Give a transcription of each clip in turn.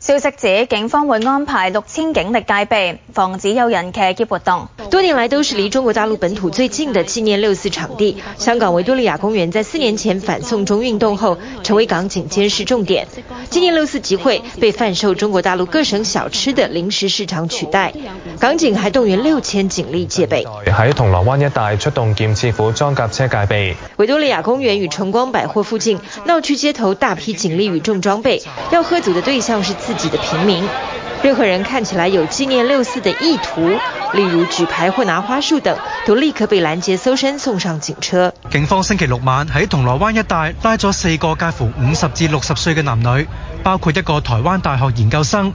消息指警方會安排六千警力戒備，防止有人騎劫活動。多年來都是離中國大陸本土最近的紀念六四場地。香港維多利亞公園在四年前反送中運動後，成為港警監視重點。紀念六四集會被販售中國大陸各省小吃的零食市場取代。港警還動員六千警力戒備。喺銅鑼灣一帶出動劍刺虎裝甲車戒備。維多利亞公園與崇光百貨附近鬧區街頭大批警力與重裝備，要喝阻的對象是。自己的平民，任何人看起來有紀念六四的意圖，例如舉牌或拿花束等，都立刻被攔截搜身，送上警車。警方星期六晚喺銅鑼灣一帶拉咗四個介乎五十至六十歲嘅男女，包括一個台灣大學研究生，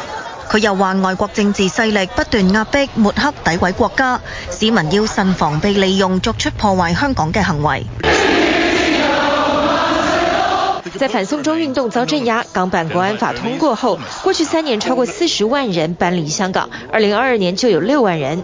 佢又話：外國政治勢力不斷壓迫、抹黑、詆毀國家，市民要慎防被利用，作出破壞香港嘅行為。在反送中運動遭鎮壓、港版國安法通過後，過去三年超過四十萬人搬離香港，二零二二年就有六萬人。